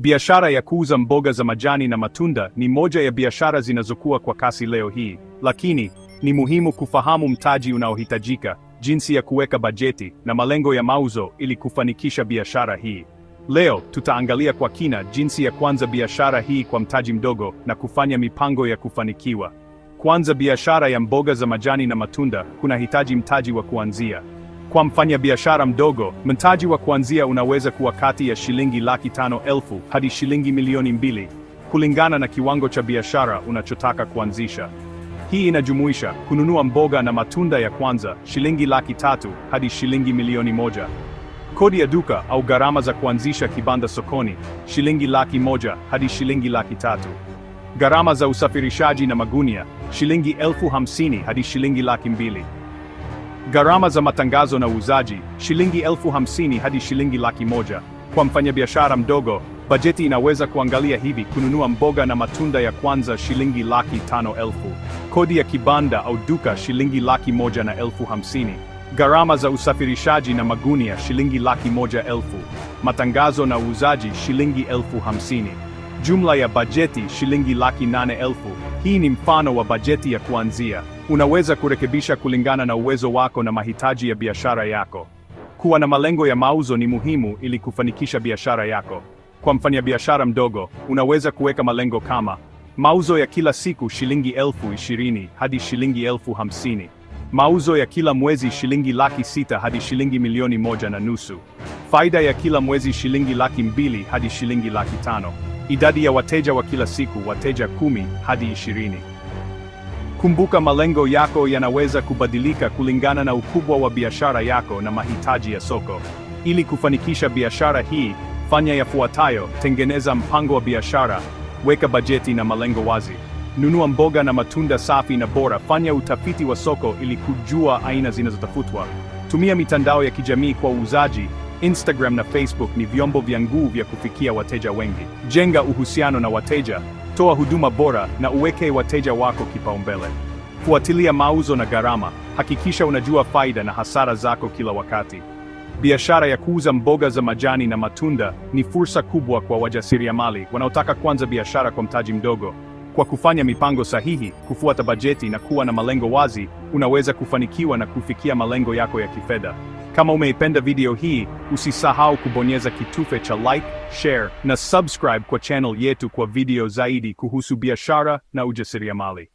Biashara ya kuuza mboga za majani na matunda ni moja ya biashara zinazokuwa kwa kasi leo hii, lakini ni muhimu kufahamu mtaji unaohitajika, jinsi ya kuweka bajeti na malengo ya mauzo ili kufanikisha biashara hii. Leo tutaangalia kwa kina jinsi ya kuanza biashara hii kwa mtaji mdogo na kufanya mipango ya kufanikiwa. Kuanza biashara ya mboga za majani na matunda kunahitaji mtaji wa kuanzia kwa mfanyabiashara mdogo, mtaji wa kuanzia unaweza kuwa kati ya shilingi laki tano elfu hadi shilingi milioni mbili, kulingana na kiwango cha biashara unachotaka kuanzisha. Hii inajumuisha kununua mboga na matunda ya kwanza, shilingi laki tatu hadi shilingi milioni moja. Kodi ya duka au gharama za kuanzisha kibanda sokoni, shilingi laki moja hadi shilingi laki tatu. Gharama za usafirishaji na magunia, shilingi elfu hamsini hadi shilingi laki mbili. Gharama za matangazo na uuzaji, shilingi elfu hamsini hadi shilingi laki moja. Kwa mfanyabiashara mdogo, bajeti inaweza kuangalia hivi: kununua mboga na matunda ya kwanza shilingi laki tano elfu, kodi ya kibanda au duka shilingi laki moja na elfu hamsini, gharama za usafirishaji na magunia shilingi laki moja elfu, matangazo na uuzaji shilingi elfu hamsini. Jumla ya bajeti shilingi laki nane elfu. Hii ni mfano wa bajeti ya kuanzia. Unaweza kurekebisha kulingana na uwezo wako na mahitaji ya biashara yako. Kuwa na malengo ya mauzo ni muhimu ili kufanikisha biashara yako. Kwa mfanyabiashara mdogo, unaweza kuweka malengo kama mauzo ya kila siku shilingi elfu ishirini hadi shilingi elfu hamsini mauzo ya kila mwezi shilingi laki sita hadi shilingi milioni moja na nusu faida ya kila mwezi shilingi laki mbili hadi shilingi laki tano idadi ya wateja wa kila siku, wateja kumi hadi ishirini. Kumbuka, malengo yako yanaweza kubadilika kulingana na ukubwa wa biashara yako na mahitaji ya soko. Ili kufanikisha biashara hii, fanya yafuatayo: tengeneza mpango wa biashara, weka bajeti na malengo wazi, nunua mboga na matunda safi na bora, fanya utafiti wa soko ili kujua aina zinazotafutwa, tumia mitandao ya kijamii kwa uuzaji Instagram na Facebook ni vyombo vya nguvu vya kufikia wateja wengi. Jenga uhusiano na wateja, toa huduma bora na uweke wateja wako kipaumbele. Fuatilia mauzo na gharama, hakikisha unajua faida na hasara zako kila wakati. Biashara ya kuuza mboga za majani na matunda ni fursa kubwa kwa wajasiriamali wanaotaka kuanza biashara kwa mtaji mdogo. Kwa kufanya mipango sahihi, kufuata bajeti na kuwa na malengo wazi, unaweza kufanikiwa na kufikia malengo yako ya kifedha. Kama umeipenda video hii, usisahau kubonyeza kitufe cha like, share na subscribe kwa channel yetu kwa video zaidi kuhusu biashara na ujasiriamali.